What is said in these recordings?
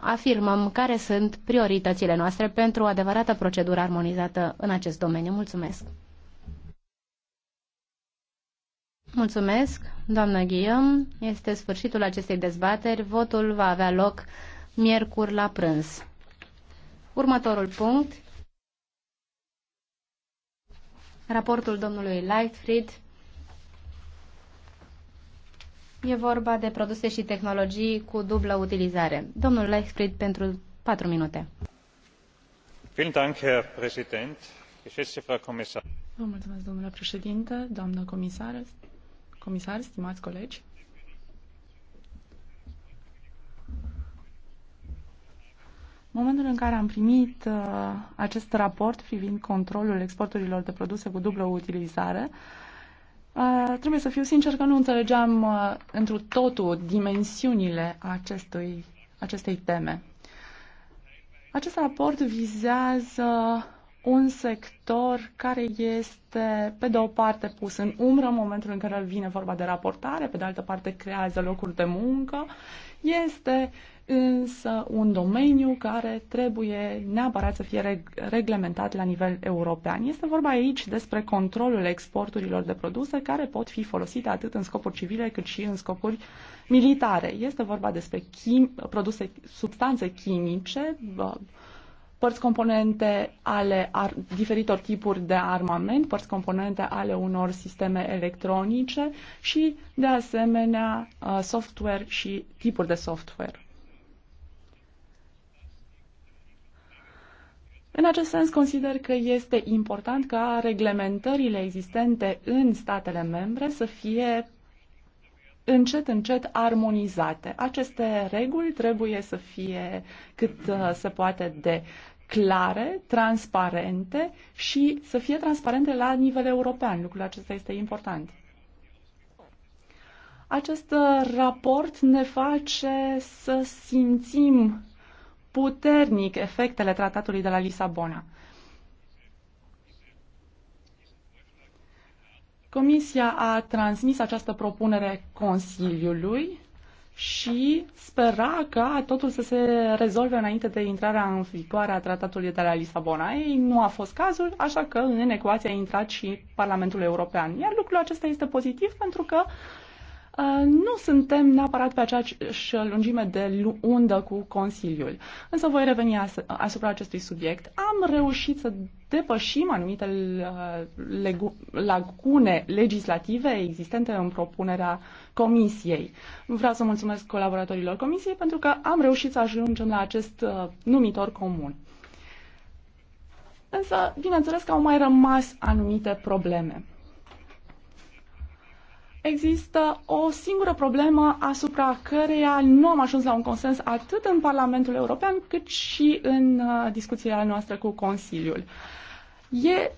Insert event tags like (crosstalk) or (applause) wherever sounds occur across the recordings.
afirmăm care sunt prioritățile noastre pentru o adevărată procedură armonizată în acest domeniu. Mulțumesc! Mulțumesc, doamnă Ghiam. Este sfârșitul acestei dezbateri. Votul va avea loc miercuri la prânz. Următorul punct. Raportul domnului Lightfried E vorba de produse și tehnologii cu dublă utilizare. Domnul Leichfried, pentru 4 minute. Vă mulțumesc, domnule președinte, doamnă comisar, comisar, stimați colegi. Momentul în care am primit uh, acest raport privind controlul exporturilor de produse cu dublă utilizare, uh, Uh, trebuie să fiu sincer că nu înțelegeam uh, întru totul dimensiunile acestui, acestei teme. Acest raport vizează un sector care este, pe de o parte, pus în umbră în momentul în care vine vorba de raportare, pe de altă parte, creează locuri de muncă, este însă un domeniu care trebuie neapărat să fie reglementat la nivel european. Este vorba aici despre controlul exporturilor de produse care pot fi folosite atât în scopuri civile cât și în scopuri militare. Este vorba despre chim- produse, substanțe chimice, părți componente ale ar- diferitor tipuri de armament, părți componente ale unor sisteme electronice și, de asemenea, ă, software și tipuri de software. În acest sens, consider că este important ca reglementările existente în statele membre să fie încet, încet armonizate. Aceste reguli trebuie să fie cât uh, se poate de clare, transparente și să fie transparente la nivel european. Lucrul acesta este important. Acest uh, raport ne face să simțim puternic efectele tratatului de la Lisabona. Comisia a transmis această propunere Consiliului și spera ca totul să se rezolve înainte de intrarea în vigoare a tratatului de la Lisabona. Ei nu a fost cazul, așa că în ecuație a intrat și Parlamentul European. Iar lucrul acesta este pozitiv pentru că uh, Uh, nu suntem neapărat pe aceeași lungime de undă cu Consiliul. Însă voi reveni asupra acestui subiect. Am reușit să depășim anumite uh, lacune legislative existente în propunerea Comisiei. Vreau să mulțumesc colaboratorilor Comisiei pentru că am reușit să ajungem la acest uh, numitor comun. Însă, bineînțeles că au mai rămas anumite probleme există o singură problemă asupra căreia nu am ajuns la un consens atât în Parlamentul European cât și în uh, discuția noastră cu Consiliul. E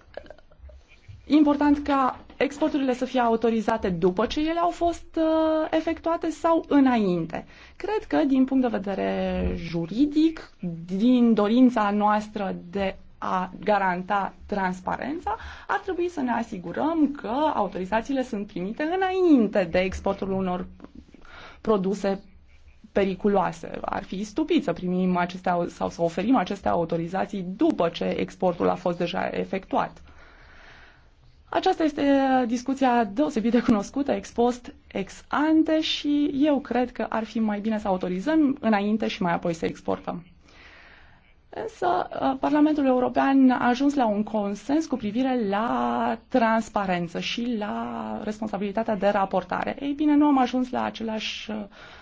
important ca exporturile să fie autorizate după ce ele au fost uh, efectuate sau înainte. Cred că, din punct de vedere juridic, din dorința noastră de a garanta transparența, ar trebui să ne asigurăm că autorizațiile sunt primite înainte de exportul unor produse periculoase. Ar fi stupid să primim acestea sau să oferim aceste autorizații după ce exportul a fost deja efectuat. Aceasta este discuția deosebit de cunoscută, ex post, ex ante și eu cred că ar fi mai bine să autorizăm înainte și mai apoi să exportăm. Însă uh, Parlamentul European a ajuns la un consens cu privire la transparență și la responsabilitatea de raportare. Ei bine, nu am ajuns la același uh,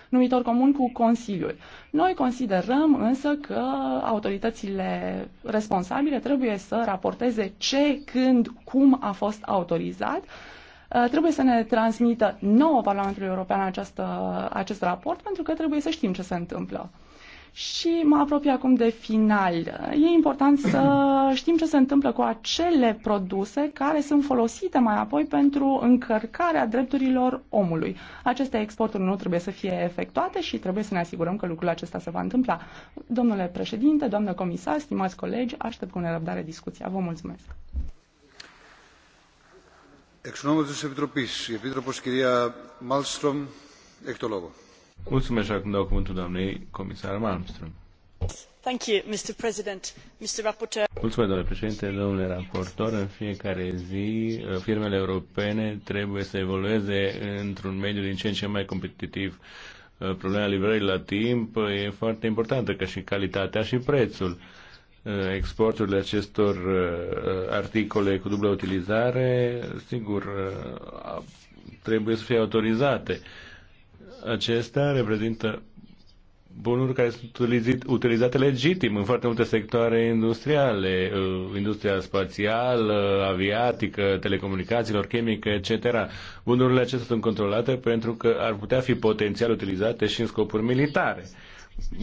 numitor comun cu Consiliul. Noi considerăm însă că autoritățile responsabile trebuie să raporteze ce, când, cum a fost autorizat uh, trebuie să ne transmită nouă Parlamentului European această, acest raport pentru că trebuie să știm ce se întâmplă. Și mă apropie acum de final. E important să (clears throat) știm ce se întâmplă cu acele produse care sunt folosite mai apoi pentru încărcarea drepturilor omului. Aceste exporturi nu trebuie să fie efectuate și trebuie să ne asigurăm că lucrul acesta se va întâmpla. Domnule președinte, doamnă comisar, stimați colegi, aștept cu nerăbdare discuția. Vă mulțumesc. Εξ ονόματος της Επιτροπής, η Επίτροπος κυρία Μάλστρομ, έχει το λόγο. Mulțumesc și acum dau cuvântul doamnei comisar Malmström. Mulțumesc, domnule președinte, domnule raportor. În fiecare zi, firmele europene trebuie să evolueze într-un mediu din ce în ce mai competitiv. Problema livrării la timp e foarte importantă, ca și calitatea și prețul exporturile acestor uh, articole cu dublă utilizare, sigur, uh, trebuie să fie autorizate. Acestea reprezintă bunuri care sunt utilizate legitim în foarte multe sectoare industriale, uh, industria spațială, aviatică, telecomunicațiilor, chimică, etc. Bunurile acestea sunt controlate pentru că ar putea fi potențial utilizate și în scopuri militare.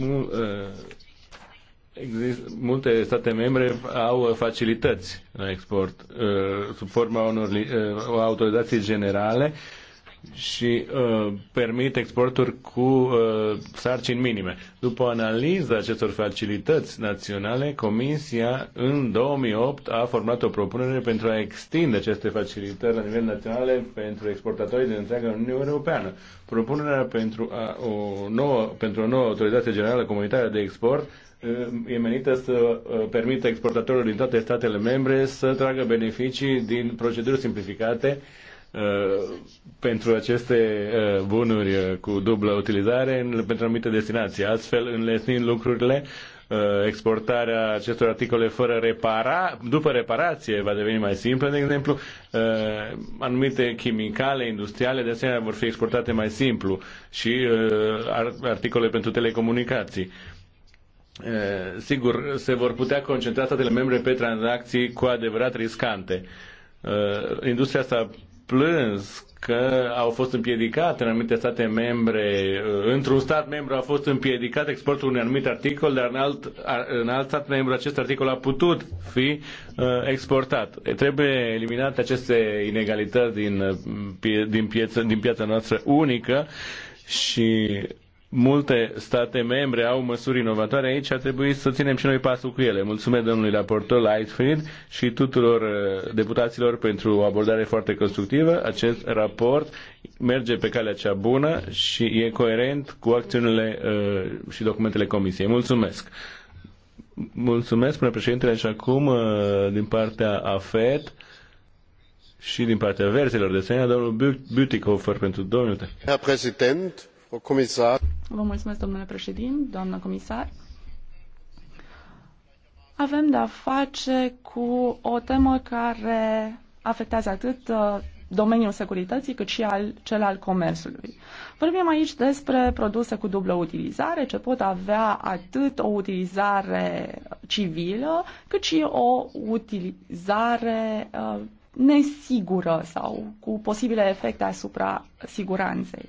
Uh, exist, multe state membre au facilități la export uh, sub forma unor autorizații generale și uh, permit exporturi cu uh, sarcini minime. După analiza acestor facilități naționale, Comisia în 2008 a format o propunere pentru a extinde aceste facilități la nivel național pentru exportatorii din întreaga Uniune Europeană. Propunerea pentru, a, o nouă, pentru o nouă autoritate generală comunitară de export uh, e menită să uh, permită exportatorilor din toate statele membre să tragă beneficii din proceduri simplificate uh, Uh, pentru aceste uh, bunuri uh, cu dublă utilizare pentru anumite destinații, astfel înlesnind lucrurile exportarea acestor articole fără repara, după reparație va deveni mai simplă, de exemplu, anumite chimicale industriale de asemenea vor fi exportate mai simplu și articole pentru telecomunicații. Sigur, se vor putea concentra statele membre pe tranzacții cu adevărat riscante. Industria asta plâns că au fost împiedicate în anumite state membre, uh, într-un stat membru a fost împiedicat exportul unui anumit articol, dar în alt, în alt stat membru acest articol a putut fi uh, exportat. Trebuie eliminate aceste inegalități din, uh, din, pieță, din piața noastră unică și multe state membre au măsuri inovatoare aici, a trebuit să ținem și noi pasul cu ele. Mulțumesc domnului raportor Lightfield și tuturor uh, deputaților pentru o abordare foarte constructivă. Acest raport merge pe calea cea bună și e coerent cu acțiunile uh, și documentele Comisiei. Mulțumesc! Mulțumesc, până președintele, și acum uh, din partea AFET și din partea verzilor de asemenea, domnul Butikofer pentru domnul Herr Președinte domnule președinte, comisar. Avem de-a face cu o temă care afectează atât uh, domeniul securității, cât și al, cel al comerțului. Vorbim aici despre produse cu dublă utilizare, ce pot avea atât o utilizare civilă, cât și o utilizare uh, nesigură sau cu posibile efecte asupra siguranței.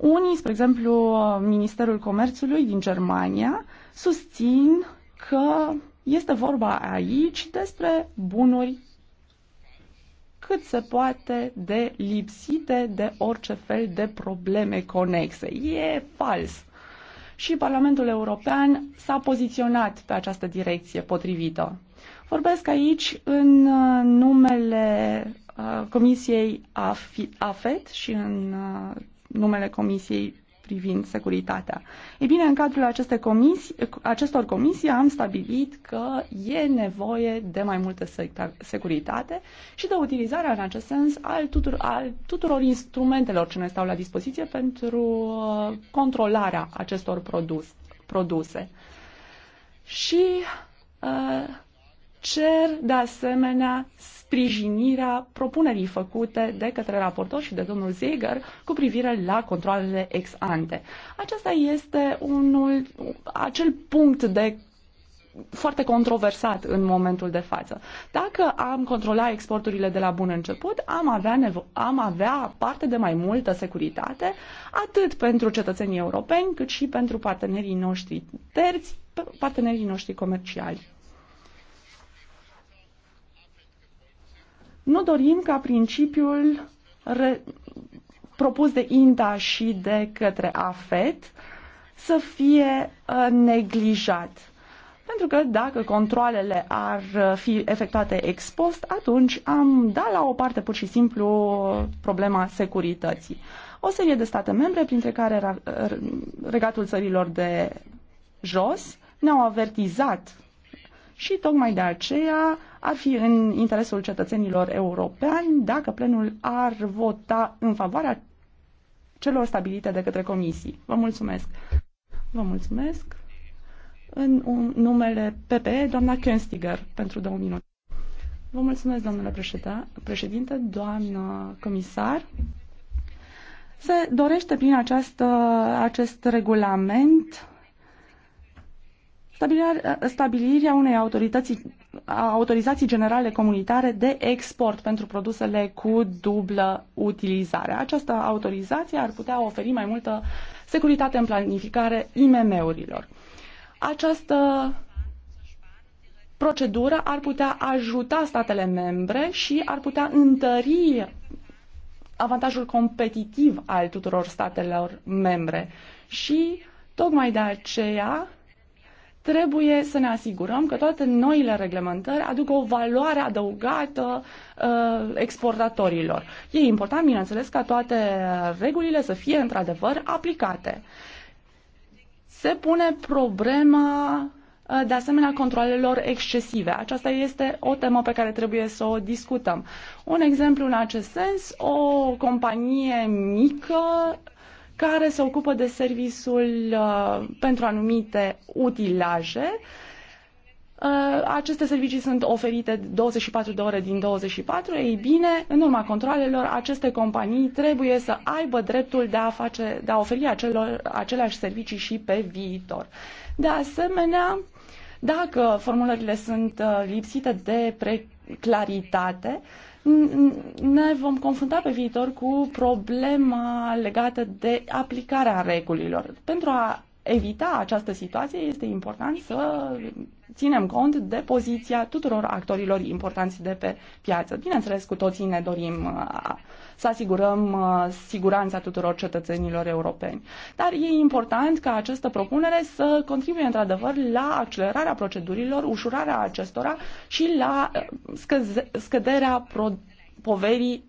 Unii, spre exemplu, Ministerul Comerțului din Germania, susțin că este vorba aici despre bunuri cât se poate de lipsite de orice fel de probleme conexe. E fals. Și Parlamentul European s-a poziționat pe această direcție potrivită. Vorbesc aici în uh, numele uh, Comisiei AFET și în uh, numele Comisiei privind securitatea. Ei bine, în cadrul aceste comisii, acestor comisii am stabilit că e nevoie de mai multă securitate și de utilizarea în acest sens al tuturor, al tuturor instrumentelor ce ne stau la dispoziție pentru uh, controlarea acestor produs, produse. Și uh, cer de asemenea sprijinirea propunerii făcute de către raportor și de domnul Zeger cu privire la controlele ex ante. Acesta este unul, acel punct de foarte controversat în momentul de față. Dacă am controla exporturile de la bun început, am avea, am avea parte de mai multă securitate, atât pentru cetățenii europeni, cât și pentru partenerii noștri terți, partenerii noștri comerciali. Nu dorim ca principiul re- propus de INTA și de către AFET să fie uh, neglijat. Pentru că dacă controlele ar uh, fi efectuate ex post, atunci am dat la o parte pur și simplu problema securității. O serie de state membre, printre care Regatul Țărilor de Jos, ne-au avertizat și tocmai de aceea ar fi în interesul cetățenilor europeni dacă plenul ar vota în favoarea celor stabilite de către comisii. Vă mulțumesc! Vă mulțumesc! În numele PPE, doamna Kenstiger, pentru două minute. Vă mulțumesc, domnule președinte, doamnă comisar. Se dorește prin această, acest regulament stabilirea, stabilirea unei autorități, autorizații generale comunitare de export pentru produsele cu dublă utilizare. Această autorizație ar putea oferi mai multă securitate în planificare IMM-urilor. Această procedură ar putea ajuta statele membre și ar putea întări avantajul competitiv al tuturor statelor membre. Și tocmai de aceea Trebuie să ne asigurăm că toate noile reglementări aduc o valoare adăugată uh, exportatorilor. E important, bineînțeles, ca toate regulile să fie într-adevăr aplicate. Se pune problema uh, de asemenea controlelor excesive. Aceasta este o temă pe care trebuie să o discutăm. Un exemplu în acest sens, o companie mică care se ocupă de serviciul uh, pentru anumite utilaje. Uh, aceste servicii sunt oferite 24 de ore din 24. Ei bine, în urma controlelor, aceste companii trebuie să aibă dreptul de a, face, de a oferi acelor, aceleași servicii și pe viitor. De asemenea, dacă formulările sunt uh, lipsite de pre claritate, uh, ne vom confrunta pe viitor cu problema legată de aplicarea regulilor. Pentru a evita această situație, este important să ținem cont de poziția tuturor actorilor importanți de pe piață. Bineînțeles, cu toții ne dorim uh, să asigurăm uh, siguranța tuturor cetățenilor europeni. Dar e important ca această propunere să contribuie într-adevăr la accelerarea procedurilor, ușurarea acestora și la uh, scăderea poverii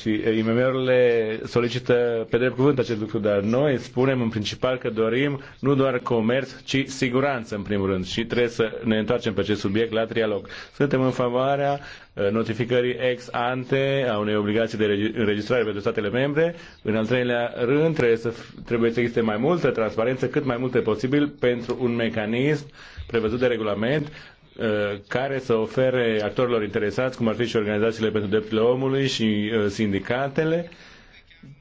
și IMM-urile solicită pe drept cuvânt acest lucru, dar noi spunem în principal că dorim nu doar comerț, ci siguranță în primul rând și trebuie să ne întoarcem pe acest subiect la trialog. Suntem în favoarea notificării ex ante a unei obligații de înregistrare pentru statele membre. În al treilea rând trebuie să, trebuie să existe mai multă transparență, cât mai multe posibil pentru un mecanism prevăzut de regulament Uh, care să ofere actorilor interesați, cum ar fi și organizațiile pentru drepturile omului și uh, sindicatele,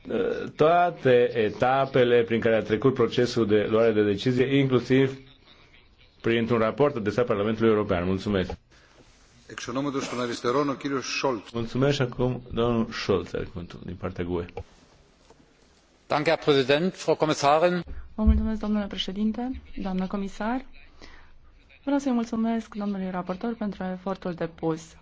uh, toate etapele prin care a trecut procesul de luare de decizie, inclusiv printr-un raport adresat Parlamentului European. Mulțumesc! Mulțumesc și acum domnul Scholz, din partea GUE. Vă mulțumesc, domnule președinte, doamnă comisar. Vreau să-i mulțumesc domnului raportor pentru efortul depus.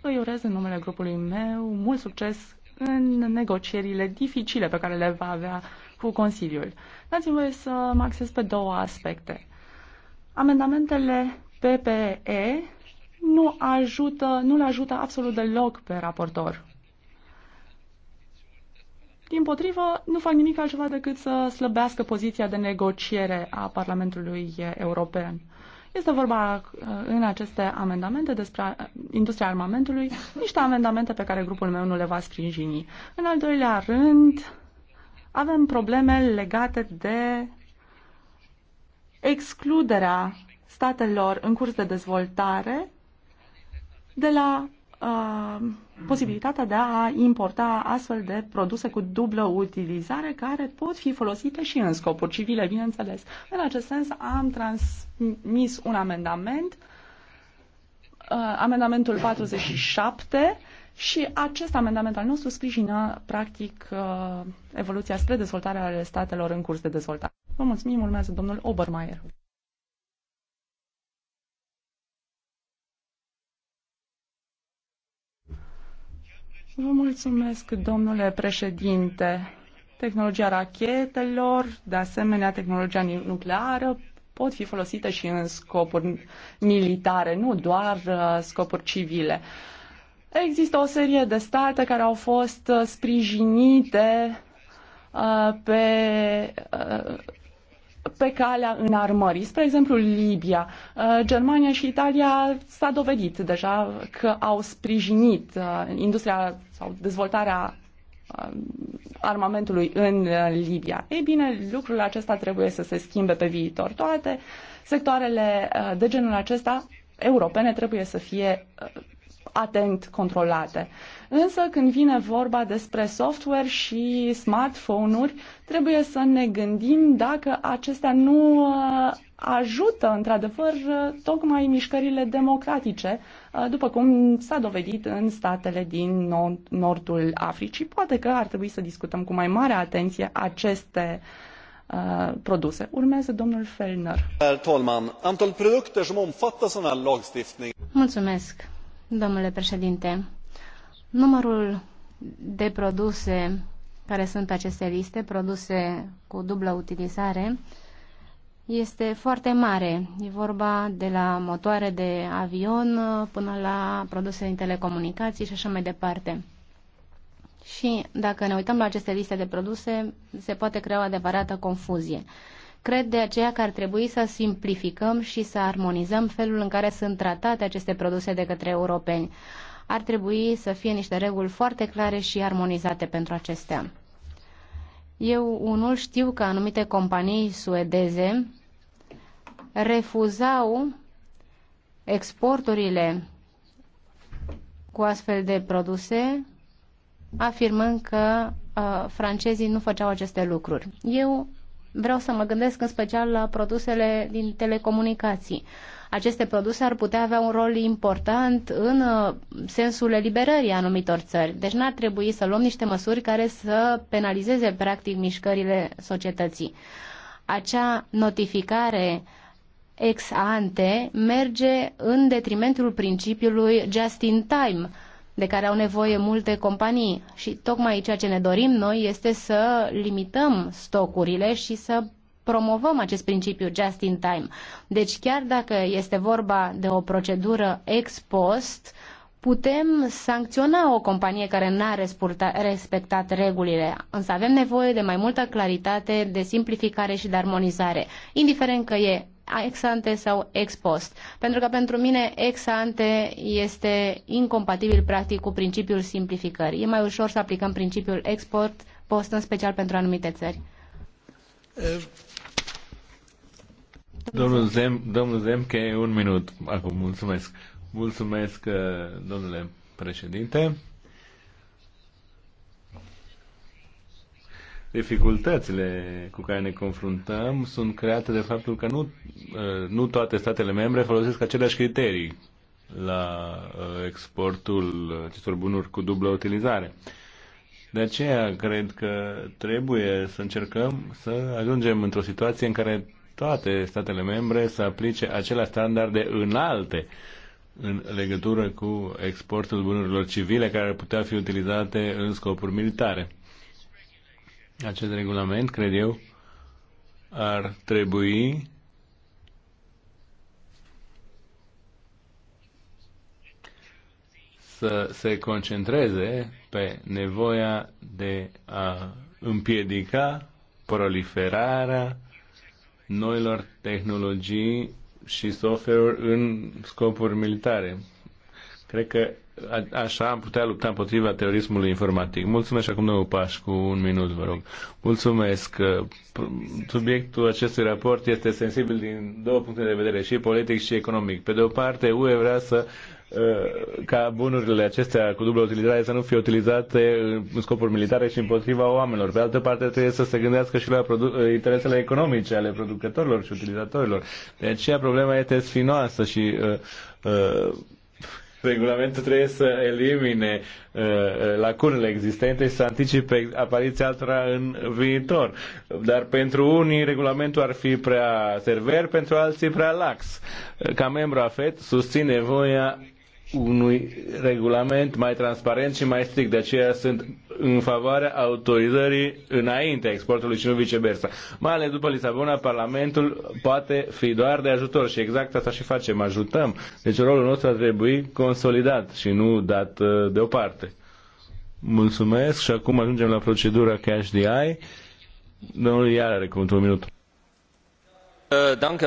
Îi urez în numele grupului meu mult succes în negocierile dificile pe care le va avea cu Consiliul. Dați-mi voie să mă acces pe două aspecte. Amendamentele PPE nu ajută, nu le ajută absolut deloc pe raportor. Din potrivă, nu fac nimic altceva decât să slăbească poziția de negociere a Parlamentului European. Este vorba uh, în aceste amendamente despre uh, industria armamentului, niște amendamente pe care grupul meu nu le va sprijini. În al doilea rând, avem probleme legate de excluderea statelor în curs de dezvoltare de la Uh, posibilitatea de a importa astfel de produse cu dublă utilizare care pot fi folosite și în scopuri civile, bineînțeles. În acest sens am transmis un amendament, uh, amendamentul 47, și acest amendament al nostru sprijină, practic, uh, evoluția spre dezvoltarea ale statelor în curs de dezvoltare. Vă mulțumim, urmează domnul Obermeier. Vă mulțumesc, domnule președinte. Tehnologia rachetelor, de asemenea tehnologia nucleară, pot fi folosite și în scopuri militare, nu doar uh, scopuri civile. Există o serie de state care au fost uh, sprijinite uh, pe pe calea înarmării. Spre exemplu, Libia, uh, Germania și Italia s-a dovedit deja că au sprijinit uh, industria sau dezvoltarea uh, armamentului în Libia. Ei bine, lucrul acesta trebuie să se schimbe pe viitor. Toate sectoarele de genul acesta europene trebuie să fie atent controlate. Însă când vine vorba despre software și smartphone-uri, trebuie să ne gândim dacă acestea nu uh, ajută într-adevăr tocmai mișcările democratice, uh, după cum s-a dovedit în statele din nordul Africii. Poate că ar trebui să discutăm cu mai mare atenție aceste uh, produse. Urmează domnul Fellner. Herr Tolman, antal produkter som omfattas av Mulțumesc. Domnule președinte, numărul de produse care sunt pe aceste liste, produse cu dublă utilizare, este foarte mare. E vorba de la motoare de avion până la produse din telecomunicații și așa mai departe. Și dacă ne uităm la aceste liste de produse, se poate crea o adevărată confuzie. Cred de aceea că ar trebui să simplificăm și să armonizăm felul în care sunt tratate aceste produse de către europeni. Ar trebui să fie niște reguli foarte clare și armonizate pentru acestea. Eu unul știu că anumite companii suedeze refuzau exporturile cu astfel de produse, afirmând că uh, francezii nu făceau aceste lucruri. Eu Vreau să mă gândesc în special la produsele din telecomunicații. Aceste produse ar putea avea un rol important în uh, sensul eliberării anumitor țări. Deci n-ar trebui să luăm niște măsuri care să penalizeze practic mișcările societății. Acea notificare ex ante merge în detrimentul principiului just in time de care au nevoie multe companii. Și tocmai ceea ce ne dorim noi este să limităm stocurile și să promovăm acest principiu just in time. Deci chiar dacă este vorba de o procedură ex post, putem sancționa o companie care n-a respectat regulile, însă avem nevoie de mai multă claritate, de simplificare și de armonizare, indiferent că e ex ante sau ex post. Pentru că pentru mine ex ante este incompatibil practic cu principiul simplificării. E mai ușor să aplicăm principiul export post, în special pentru anumite țări. Domnul, Zem, domnul e un minut. Acum, mulțumesc. Mulțumesc, uh, domnule președinte. dificultățile cu care ne confruntăm sunt create de faptul că nu Uh, nu toate statele membre folosesc aceleași criterii la uh, exportul acestor bunuri cu dublă utilizare. De aceea cred că trebuie să încercăm să ajungem într-o situație în care toate statele membre să aplice aceleași standarde înalte în legătură cu exportul bunurilor civile care ar putea fi utilizate în scopuri militare. Acest regulament, cred eu, ar trebui să se concentreze pe nevoia de a împiedica proliferarea noilor tehnologii și software în scopuri militare. Cred că a, așa am putea lupta împotriva terorismului informatic. Mulțumesc acum domnul Pașcu, un minut, vă rog. Mulțumesc. Subiectul acestui raport este sensibil din două puncte de vedere, și politic și economic. Pe de o parte, UE vrea să uh, Uh, ca bunurile acestea cu dublă utilizare să nu fie utilizate în scopuri militare și împotriva oamenilor. Pe altă parte, trebuie să se gândească și la uh, interesele economice ale producătorilor și utilizatorilor. De aceea, problema este sfinoasă și uh, uh, regulamentul trebuie să elimine uh, lacunele existente și să anticipe apariția altora în viitor. Dar pentru unii regulamentul ar fi prea server, pentru alții prea lax. Ca membru AFET susține voia unui regulament mai transparent și mai strict. De aceea sunt în favoarea autorizării înaintea exportului și nu viceversa. Mai ales după Lisabona, Parlamentul poate fi doar de ajutor și exact asta și facem, ajutăm. Deci rolul nostru ar trebui consolidat și nu dat uh, deoparte. Mulțumesc și acum ajungem la procedura Cash DI. Domnul Iar are cuvântul un minut. Uh, danke,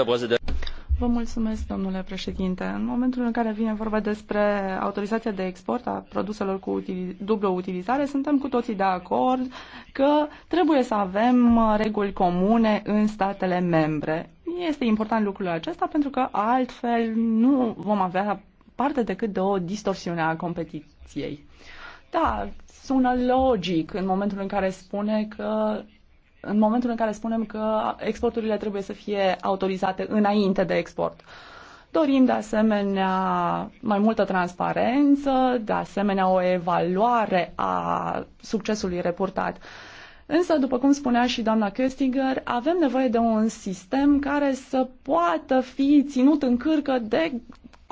Vă mulțumesc, domnule președinte. În momentul în care vine vorba despre autorizația de export a produselor cu utili- dublă utilizare, suntem cu toții de acord că trebuie să avem uh, reguli comune în statele membre. Este important lucrul acesta pentru că altfel nu vom avea parte decât de o distorsiune a competiției. Da, sună logic în momentul în care spune că în momentul în care spunem că exporturile trebuie să fie autorizate înainte de export. Dorim de asemenea mai multă transparență, de asemenea o evaluare a succesului reportat. Însă, după cum spunea și doamna Köstinger, avem nevoie de un sistem care să poată fi ținut în cârcă de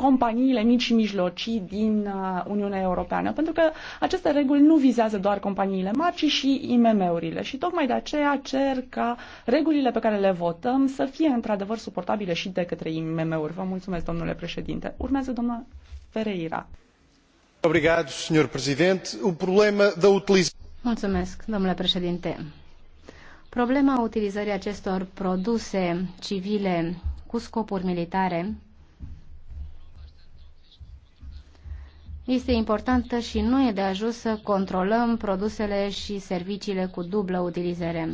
companiile mici și mijlocii din uh, Uniunea Europeană, pentru că aceste reguli nu vizează doar companiile mari, ci și IMM-urile și tocmai de aceea cer ca regulile pe care le votăm să fie într-adevăr suportabile și de către IMM-uri. Vă mulțumesc, domnule președinte. Urmează doamna Ferreira. Obrigado, senhor presidente. O problema da utilização Mulțumesc, domnule președinte. Problema utilizării acestor produse civile cu scopuri militare este importantă și nu e de ajuns să controlăm produsele și serviciile cu dublă utilizare.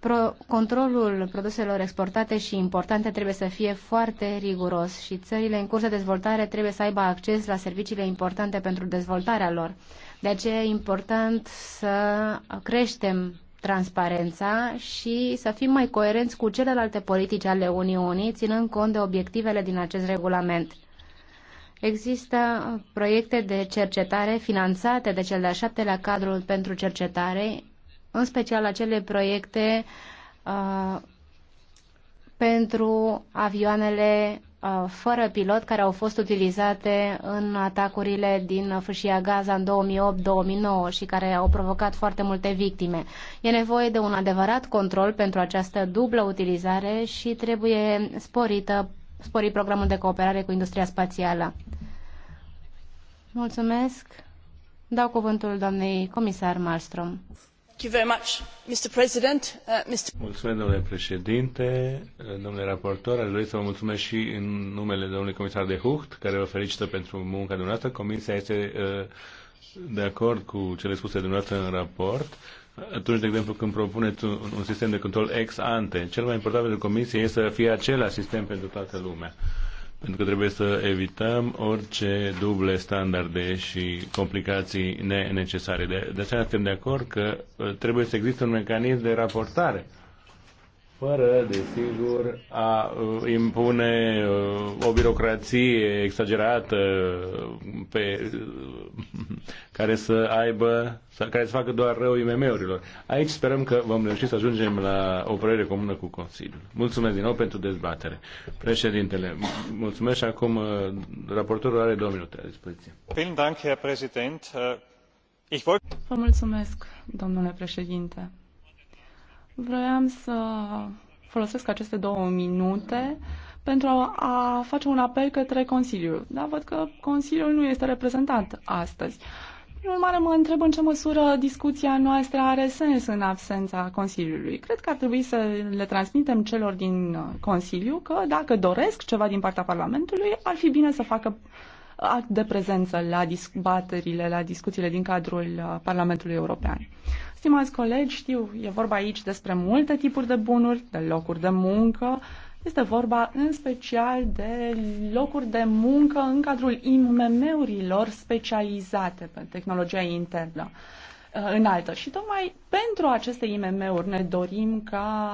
Pro controlul produselor exportate și importante trebuie să fie foarte riguros și țările în curs de dezvoltare trebuie să aibă acces la serviciile importante pentru dezvoltarea lor. De aceea e important să creștem transparența și să fim mai coerenți cu celelalte politici ale Uniunii, ținând cont de obiectivele din acest regulament. Există proiecte de cercetare finanțate de cel de-al șaptelea cadru pentru cercetare, în special acele proiecte uh, pentru avioanele uh, fără pilot care au fost utilizate în atacurile din fâșia Gaza în 2008-2009 și care au provocat foarte multe victime. E nevoie de un adevărat control pentru această dublă utilizare și trebuie sporită spori programul de cooperare cu industria spațială. Mulțumesc. Dau cuvântul doamnei comisar Malmström. Uh, mulțumesc, domnule președinte, uh, domnule raportor, aș dori să vă mulțumesc și în numele domnului comisar de Hucht, care vă felicită pentru munca dumneavoastră. Comisia este uh, de acord cu cele spuse dumneavoastră în raport atunci, de exemplu, când propuneți un, un sistem de control ex ante, cel mai important pentru Comisie este să fie același sistem pentru toată lumea. Pentru că trebuie să evităm orice duble standarde și complicații necesare. De, de aceea suntem de acord că uh, trebuie să existe un mecanism de raportare fără, desigur, a uh, impune uh, o birocrație exagerată uh, pe, care să aibă, care să facă doar rău IMM-urilor. Aici sperăm că vom reuși să ajungem la o părere comună cu Consiliul. Mulțumesc din nou pentru dezbatere. Președintele, mulțumesc și acum raportorul are două minute la dispoziție. Äh, Vă mulțumesc, domnule președinte. Vroiam să folosesc aceste două minute pentru a face un apel către Consiliu. Dar văd că Consiliul nu este reprezentat astăzi. În urmare, mă întreb în ce măsură discuția noastră are sens în absența Consiliului. Cred că ar trebui să le transmitem celor din Consiliu că dacă doresc ceva din partea Parlamentului, ar fi bine să facă act de prezență la la discuțiile din cadrul Parlamentului European. Stimați colegi, știu, e vorba aici despre multe tipuri de bunuri, de locuri de muncă. Este vorba în special de locuri de muncă în cadrul IMM-urilor specializate pe tehnologia internă uh, înaltă. Și tocmai pentru aceste IMM-uri ne dorim ca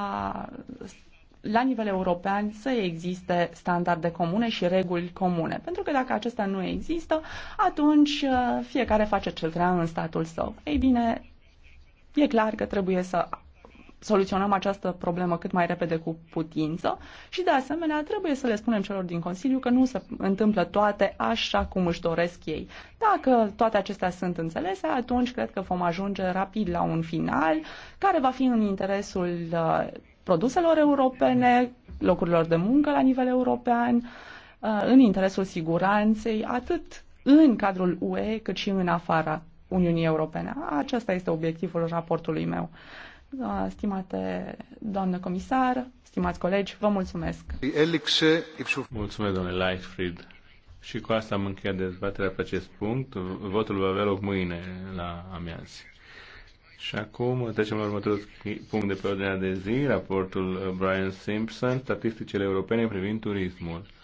la nivel european să existe standarde comune și reguli comune. Pentru că dacă acestea nu există, atunci uh, fiecare face ce vrea în statul său. Ei bine, E clar că trebuie să soluționăm această problemă cât mai repede cu putință și, de asemenea, trebuie să le spunem celor din Consiliu că nu se întâmplă toate așa cum își doresc ei. Dacă toate acestea sunt înțelese, atunci cred că vom ajunge rapid la un final care va fi în interesul uh, produselor europene, locurilor de muncă la nivel european, uh, în interesul siguranței, atât în cadrul UE cât și în afara Uniunii Europene. Acesta este obiectivul raportului meu. Da, stimate doamnă comisar, stimați colegi, vă mulțumesc. Mulțumesc, domnule Lightfried. Și cu asta am încheiat dezbaterea pe acest punct. Votul va avea loc mâine la amiază. Și acum trecem la următorul punct de pe ordinea de zi, raportul Brian Simpson, statisticile europene privind turismul.